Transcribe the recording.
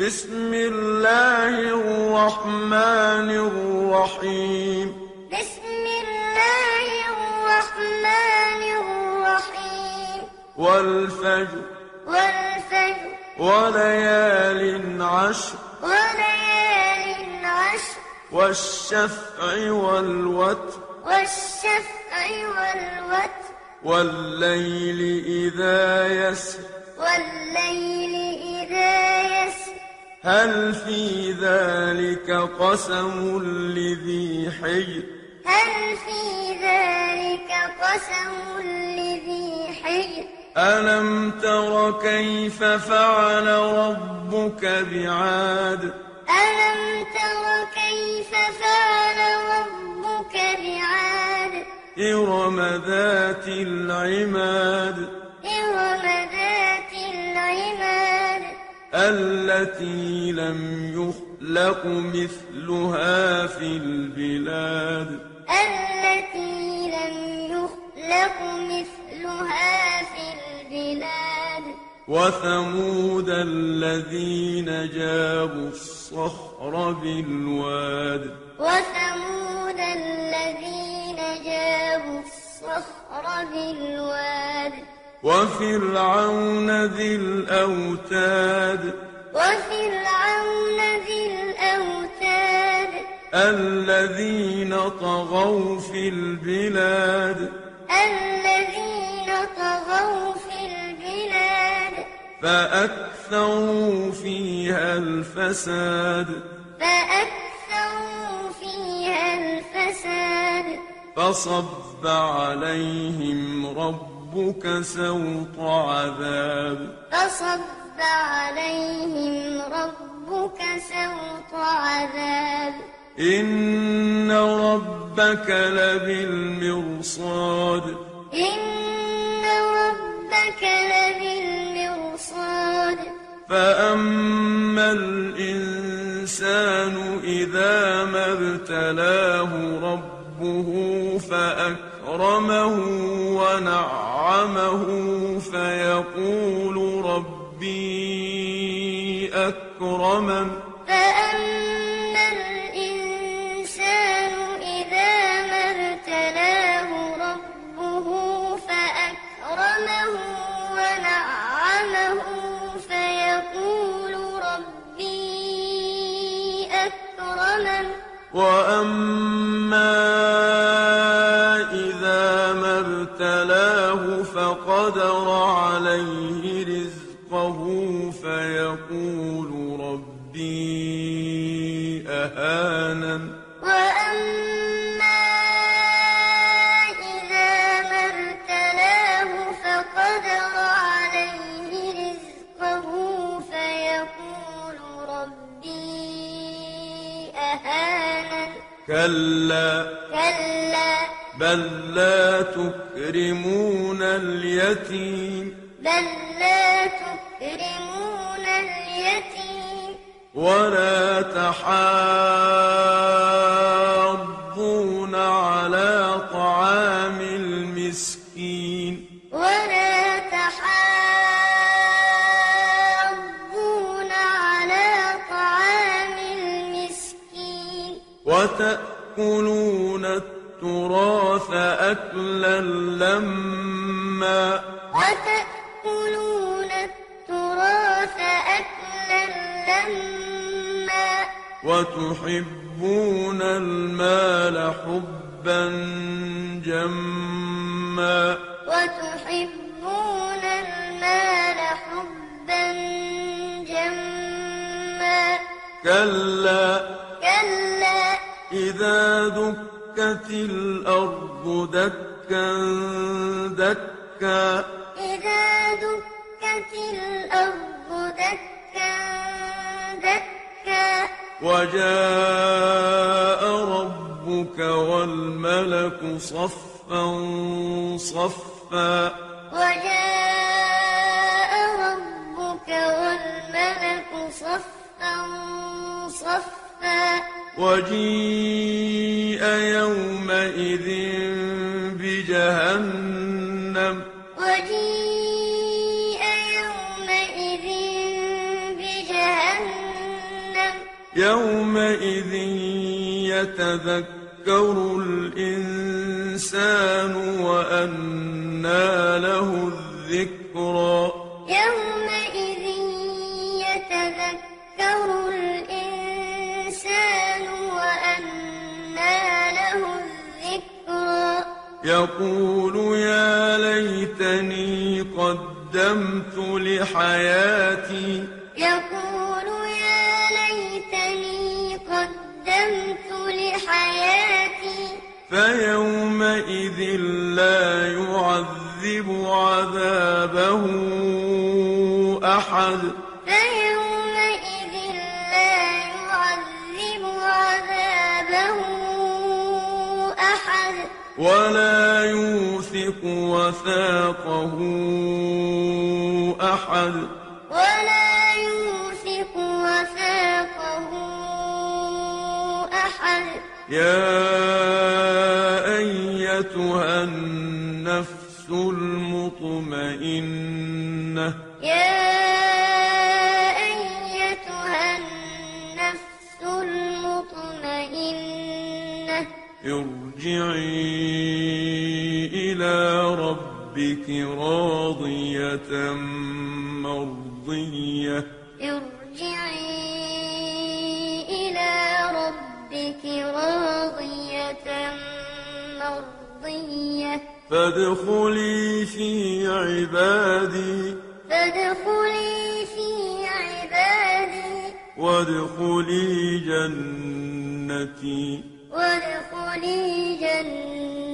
بسم الله الرحمن الرحيم بسم الله الرحمن الرحيم والفجر والفجر وليال عشر وليال عشر والشفع والوتر والشفع والوتر والليل إذا يسر والليل إذا هل في ذلك قسم لذي حجر هل في ذلك قسم لذي حجر ألم تر كيف فعل ربك بعاد ألم تر كيف فعل ربك بعاد إرم ذات العماد التي لم يخلق مثلها في البلاد التي لم يخلق مثلها في البلاد وثمود الذين جابوا الصخر بالواد وثمود الذين جابوا الصخر بالواد وفرعون ذي الأوتاد وفرعون ذي الأوتاد الذين طغوا في البلاد الذين طغوا في البلاد فأكثروا فيها الفساد فأكثروا فيها الفساد فصب عليهم ربك ربك سوط عذاب فصب عليهم ربك سوط عذاب إن ربك لبالمرصاد إن ربك لبالمرصاد فأما الإنسان إذا ما ابتلاه ربه أكرمه ونعمه فيقول ربي أكرمن قدر عليه رزقه فيقول ربي أهانن وأما إذا ما فقدر عليه رزقه فيقول ربي أهانن كلا كلا بل لا تكرمون اليتيم بل لا تكرمون اليتيم ولا تحاضون على طعام المسكين ولا تحاضون على طعام المسكين وتأكلون التراب التراث أكلا لما وتأكلون التراث أكلا لما وتحبون المال حبا جما وتحبون المال حبا جما كلا دكت الأرض دكا دكا إذا دكت الأرض دكا دكا وجاء ربك والملك صفا صفا وجاء ربك والملك صفا صفا وجيء يومئذ بجهنم وجيء يومئذ بجهنم يومئذ يتذكر الإنسان وأنى له الذكرى يوم يقول يا ليتني قدمت لحياتي يقول يا ليتني قدمت لحياتي فيومئذ لا يعذب عذابه أحد ولا يوثق وثاقه أحد ولا يوثق وثاقه أحد يا أيتها النفس المطمئنة يا ارجعي إلى ربك راضية مرضية ارجعي إلى ربك راضية مرضية فادخلي في عبادي فادخلي في عبادي وادخلي جنتي وادخلي جنتي